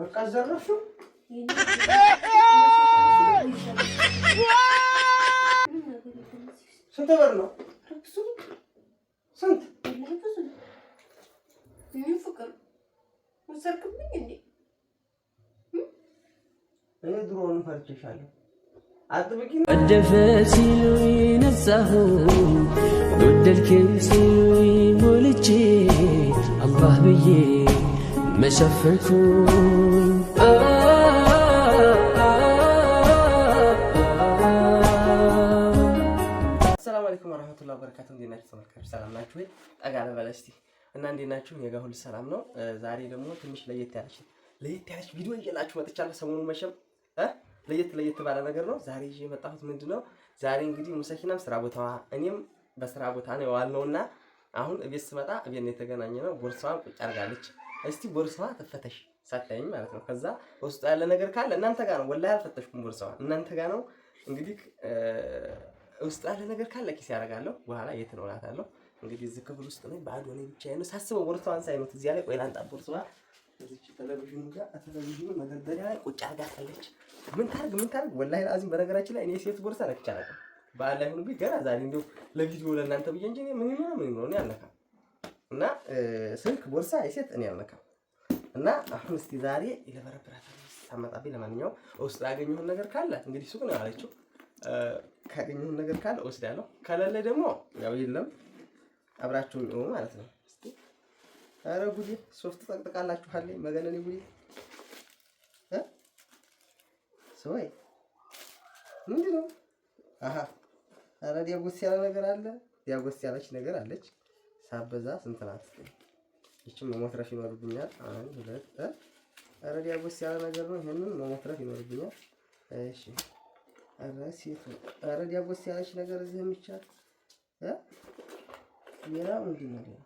በቃ ዘረፍሽው። ስንት ብር ነው? ስንት ምን ፍቅር ወሰርክብኝ እንዴ? እኔ ድሮውን ፈርቼሻለሁ። አጥብቂ ወደፈ ሲሉ ነጻሁ ወደልከኝ ሲሉ ሞልቼ አላህ ብዬ መሸፈንኩኝ ሰላም አለይኩም ወረህመቱላ በረካቱ እንዴት ናችሁ ተመልካችሁ ሰላም ናችሁ ወይ ጠጋ ልበል እስቲ እና እንዴት ናችሁ እኔ ሁሉ ሰላም ነው ዛሬ ደግሞ ትንሽ ለየት ያለች ለየት ያለች ቪዲዮ ይዤላችሁ መጥቻለሁ ሰሞኑን መሸም ለየት ለየት ባለ ነገር ነው ዛሬ ይዤ የመጣሁት ምንድን ነው ዛሬ እንግዲህ ሙሰኪናም ስራ ቦታዋ እኔም በስራ ቦታ ነው የዋልነውና አሁን እቤት ስመጣ እቤት ነው የተገናኘ ነው ቦርሳዋን ቁጭ አድርጋለች እስቲ ቦርሳዋ ተፈተሽ ሳታይኝ ማለት ነው። ከዛ ውስጡ ያለ ነገር ካለ እናንተ ጋር ነው። ወላሂ አልፈተሽኩም። ቦርሳዋ እናንተ ጋር ነው። እንግዲህ ውስጡ ያለ ነገር ካለ ኪስ ያደርጋለሁ። በኋላ የት ነው እላታለሁ። እንግዲህ እዚህ ክፍል ውስጥ ነኝ፣ ባዶ ነኝ፣ ብቻዬን ነው ሳስበው። ቦርሳዋን ሳይኖት እዚያ ላይ ቆይ ላንጣ ቦርሳዋ ቴሌቪዥኑ ጋር ቴሌቪዥኑ መደርደሪያ ላይ ቁጭ ካለች ምን ታርግ ምን ታርግ ወላሂ አዚም። በነገራችን ላይ እኔ ሴት ቦርሳ ነክቼ አላውቅም። በዓል ላይ ሁሉ ገና ዛሬ እንዲሁ ለቪዲዮ ለእናንተ ብዬ እንጂ ምን ይኖረ ምን ይኖረ እኔ አልነካም እና ስልክ፣ ቦርሳ የሴት እኔ አልነካም። እና አሁን እስቲ ዛሬ ለበረብራት ታመጣብኝ። ለማንኛውም ውስጥ ያገኘሁን ነገር ካለ እንግዲህ ሱቅ ነው ያለችው። ካገኘሁን ነገር ካለ እወስዳለሁ፣ ከሌለ ደግሞ ያው የለም። አብራችሁን ነው ማለት ነው። አረ ጉዴ ሶፍት ጠቅጥቃላችኋል። መገነኔ ጉዴ ሰወይ ምንድን ነው? አሃ አረ ዲያጎስ ያለ ነገር አለ፣ ዲያጎስ ያለች ነገር አለች። ሳበዛ ስንት ናት? ይችም መሞትረፍ ይኖርብኛል። አንድ ሁለት ኧረ ዲያጎስ ያለ ነገር ነው። ይህንን መሞትረፍ ይኖርብኛል። እሺ ኧረ ሴት ኧረ ዲያጎስ ያለች ነገር እዚህ የሚቻል ሌላ ምንድን ነው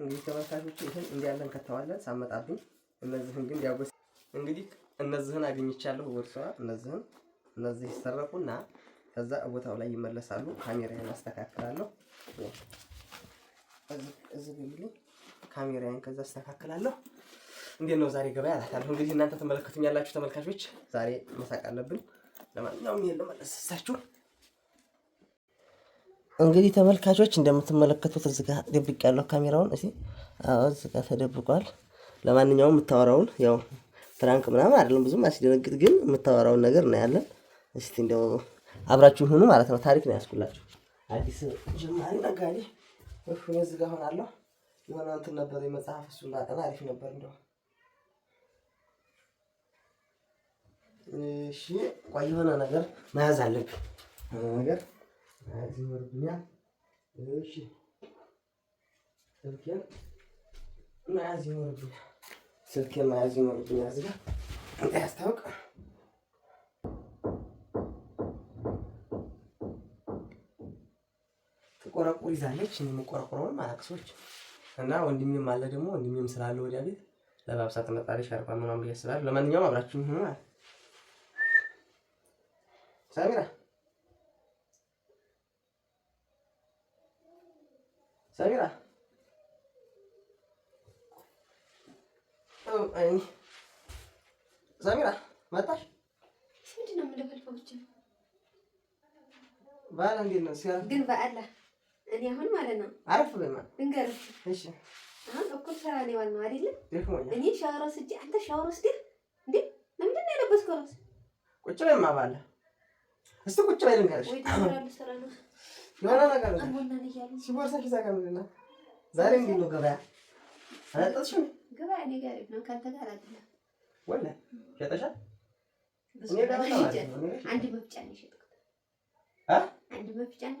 እንግዲህ ተመልካቾች ይህን እንዲያለን ከተዋለን ሳመጣብኝ እነዚህን ግን ዲያጎስ እንግዲህ እነዚህን አግኝቻለሁ ወርሷ እነዚህን እነዚህ ይሰረቁና ከዛ ቦታው ላይ ይመለሳሉ። ካሜራዬን አስተካክላለሁ። እዚህ እንግዲህ ካሜራዬን ከዛ አስተካክላለሁ። እንዴት ነው ዛሬ ገበያ አላታለሁ። እንግዲህ እናንተ ያላችሁ ተመልካቾች። ዛሬ መሳቅ አለብን። ለማንኛውም ይሄን ለመለሰሳችሁ እንግዲህ ተመልካቾች እንደምትመለከቱት እዚህ ጋር ደብቅ ያለው ካሜራውን እሺ፣ እዚህ ጋር ተደብቋል። ለማንኛውም የምታወራውን ያው ፍራንክ ምናምን አይደለም ብዙም አስደነግጥ፣ ግን የምታወራውን ነገር እናያለን። እስቲ እንደው አብራችሁ ሁኑ ማለት ነው። ታሪክ ነው ያስኩላችሁ። አዲስ ጀማሪ ነጋዴ እኔ እዚህ ጋር ሆናለሁ። የሆነ እንትን ነበር የመጽሐፍ እሱን ባጠና አሪፍ ነበር እንደው። እሺ ቆይ የሆነ ነገር መያዝ አለብኝ። የሆነ ነገር መያዝ ይኖርብኛል። እሺ ስልኬን መያዝ ይኖርብኛል። ስልኬን መያዝ ይኖርብኛል። እዚህ ጋር እንዳያስታውቅ መቆረቁር ይዛለች እኔ የምቆረቁረውን ማላቅሶች እና ወንድሜም አለ ደግሞ ወንድሜም ስላለ ወዲያ ቤት ለባብሳ ትመጣለች ሻርቋ ምናምን ብዬ ስላለ ለማንኛውም አብራችሁ ሆኑ ማለት ሳሚራ ሳሚራ ሳሚራ መጣሽ? ምንድን ነው የምለፈልፈው? ብቻ በዓል እንዴት ነው? ግን በዓል እኔ አሁን ማለት ነው አረፍ በይ ማለት እሺ አሁን እኩል ስራ ነው ያለው አይደል? እኔ ሻወር ወስጄ አንተ ሻወር ወስደህ እንዴ፣ ለምንድን ነው የለበስከው? እራሱ ቁጭ በይ ማባለ እስቲ ቁጭ በይ ልንገርሽ፣ የሆነ ነገር ሲቦርሳሽ እዛ ጋር ምንድን ነው ዛሬ እንዴት ነው ገበያ አላጠጥሽም? ገበያ እኔ ጋር ነው ከአንተ ጋር አይደለም። ወላሂ ሸጠሻል? አንድ መፍጫ ነው የሸጥኩት አንድ መፍጫና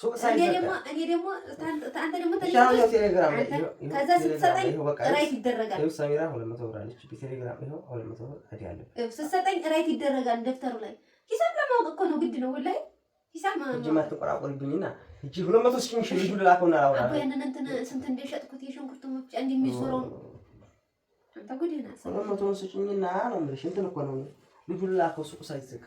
ሱቅ እኔ ደግሞ አንተ ደግሞ ራይት ይደረጋል። ደብተሩ ላይ። ሂሳብ ለማወቅ እኮ ነው ግድ ነው። ወላሂ ሂሳብ አትቆራቆሪብኝና ሁለት መቶ ስጭኝ። ልጁ ልላከውና ላውራ ያንን እንትን ስንት እንደሸጥኩት የሽንኩርቱ መፍጫ እንደሚዞረው አንተ ጉዴ ናት። ሁለት መቶውን ስጭኝና ነው የምልሽ እንትን እኮ ነው ልጁ ልላከው ሱቅ ሳይዘጋ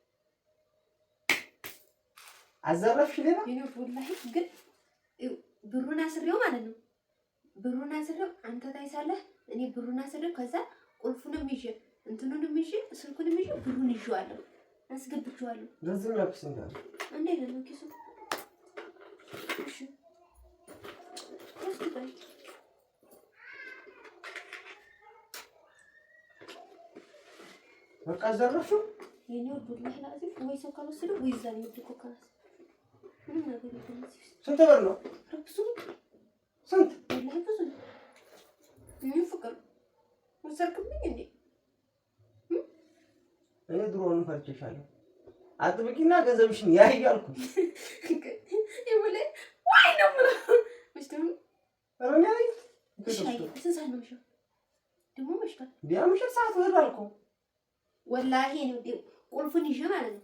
አዘረፍሽ ሌላ ግን ብሩን አስሬው ማለት ነው። ብሩን አስሬው አንተ ታይሳለህ፣ እኔ ብሩን አስሬው ከዛ ቁልፉንም ይዤ እንትኑንም ይዤ ስልኩንም ይዤ ብሩን ይዤዋለሁ፣ አስገብቼዋለሁ። ለዚህ ነው ኪስ እንዴ ነው ኪሱ። እሺ በቃ ዘረፍሽው የኔ ብሩን ላይ ወይ ሰው ካልወሰደው ወይ ዛሬ ይድቁ ከራስ ስንት ብር ነው? ስንት ፍቅር እኔ ድሮውንም ፈርቼሻለሁ። አጥብቂና ገንዘብሽን ያይ እያልኩ ሰዓት ብር አልኩ። ወላሂ ቁልፉን ይዤ ማለት ነው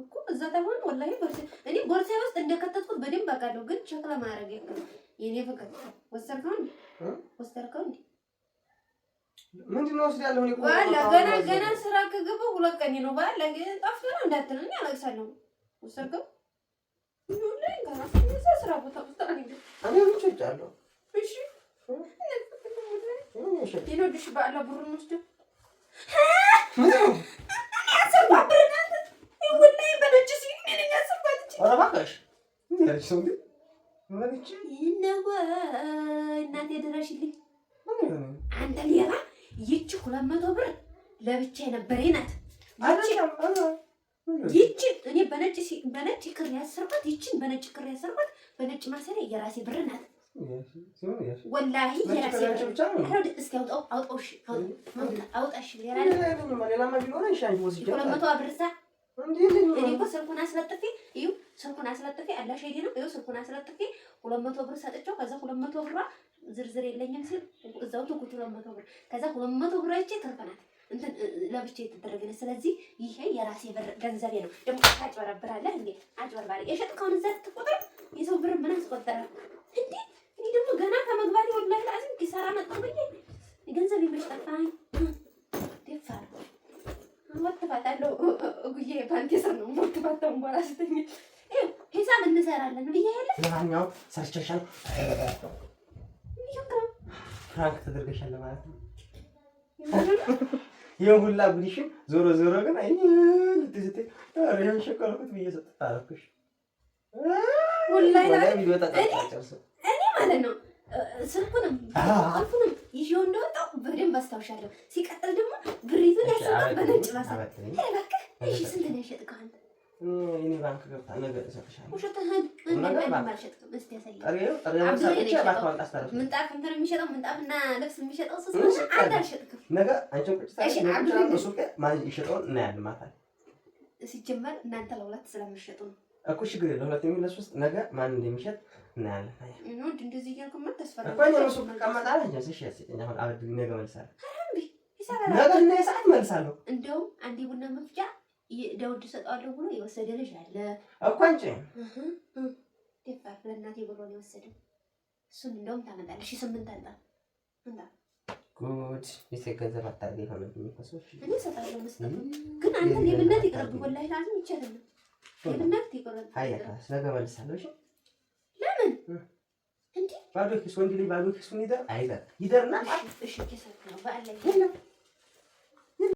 እኮ እዛ ታይሆን ወላሂ ቦርሴ እኔ ቦርሴ ውስጥ እንደከተትኩት በደንብ አውቃለሁ። ግን ቸክ ለማድረግ ያክል የኔ ፍቅር ወሰድከው እንዴ? ወሰድከው እንዴ? ምንድን ነው ወስዳለሁ እኔ ባላ ገና ገና ስራ ከገባሁ ሁለት ቀን ነው። ባላ ግን ጠፍቶ ነው እንዳትል እኔ አለቅሳለሁ። ወሰድከው ስራ ቦታ ውስጥ እኔ ምን ቸጫለሁ። እሺ ይሄ ነው ድሽ ባላ ብሩን ወስደው ምን ነው እናቴ ድረሽልኝ። አንተ ሌባ ይቺ ሁለት መቶ ብር ለብቻ የነበረ ናት። ይቺ እኔ በነጭ ክር ያሰርኳት ይቺን በነጭ ክር ያሰርኳት በነጭ ማሰሪያ የራሴ ብር ናት። ወላሂ እስኪ አውጣሽ ሁለት መቶ ብር እኔ እኮ ስልኩን አስለጥፌ እዩ ስልኩን አስለጥፌ አላሽ ሄዲ ነው ይኸው ስልኩን አስለጥፌ ሁለት መቶ ብር ሰጥቼው ከዛ ሁለት መቶ ብሯ ዝርዝር የለኝም ሲል እዛው ትኩት ሁለት መቶ ብር ከዛ ሁለት መቶ ብር አይቼ ትርፈናት እንትን ለብቻ የተደረገ ነው። ስለዚህ ይሄ የራሴ ብር ገንዘቤ ነው። ደግሞ ታጭበረብራለህ እንዴ? አጭበርባሪ የሸጥከውን እዛ ቁጥር የሰው ብር ምን አስቆጠረ እንዴ? እኔ ደግሞ ገና ከመግባቴ ወላሂ ለአዚም ኪሳራ ብዬ ገንዘብ የመሽጠፋኝ ደፋር ወጥፋታለሁ። ጉዬ ባንቴሰር ነው ሞትፋታውን በራስተኛ በጣም እንሰራለን ብዬ ያለ ለማንኛውም ሰርቸሻል ፍራንክ ተደርገሻል ማለት ነው። ይህ ሁላ ጉዲሽን ዞሮ ዞሮ ግን ሸቀልኩት ብዬ ሰጥታ አደረኩሽ። እኔ ማለት ነው ስልኩንም አልኩንም ይዤው እንደወጣሁ በደንብ አስታውሻለሁ። ሲቀጥል ደግሞ ብሪቱን ያሰብኩት በነጭ ባሳ ስንት ነው የሸጥከው አንተ? እኔ ባንክ ገብታ ነገ እሰጥሻለሁ። የሚሸጠው ምንጣፍና ልብስ የሚሸጠው አንተ አልሸጥክም። ነገ ማን ይሸጠውን እናያለን። ነገ ማን መልሳለሁ። እንደውም አንዴ ቡና መፍጫ ደውድ ሰጠዋለሁ ብሎ የወሰደ ልጅ አለ እኮ እንጂ ደፋር ለእናቴ ብሎ ነው የወሰደው። እሱን እንደውም ታመጣለሽ ስምንት አልጣ እንዳ ጉድ ይሄ ገንዘብ አታገኝ ሆነብኝ። እኔ እሰጣለሁ መስጠት ግን አንተ ሌብነት ይቅርብ፣ ወላሂ ላዝም ይቻላል። ሌብነት ይቅርብ። አያ ነገ እመልሳለሁ። እሺ ለምን እንዴ ባዶ ኪስ ወንድ ልጅ ባዶ ኪሱን ይደር አይደር ይደርና እሺ ኪስ ነው ነው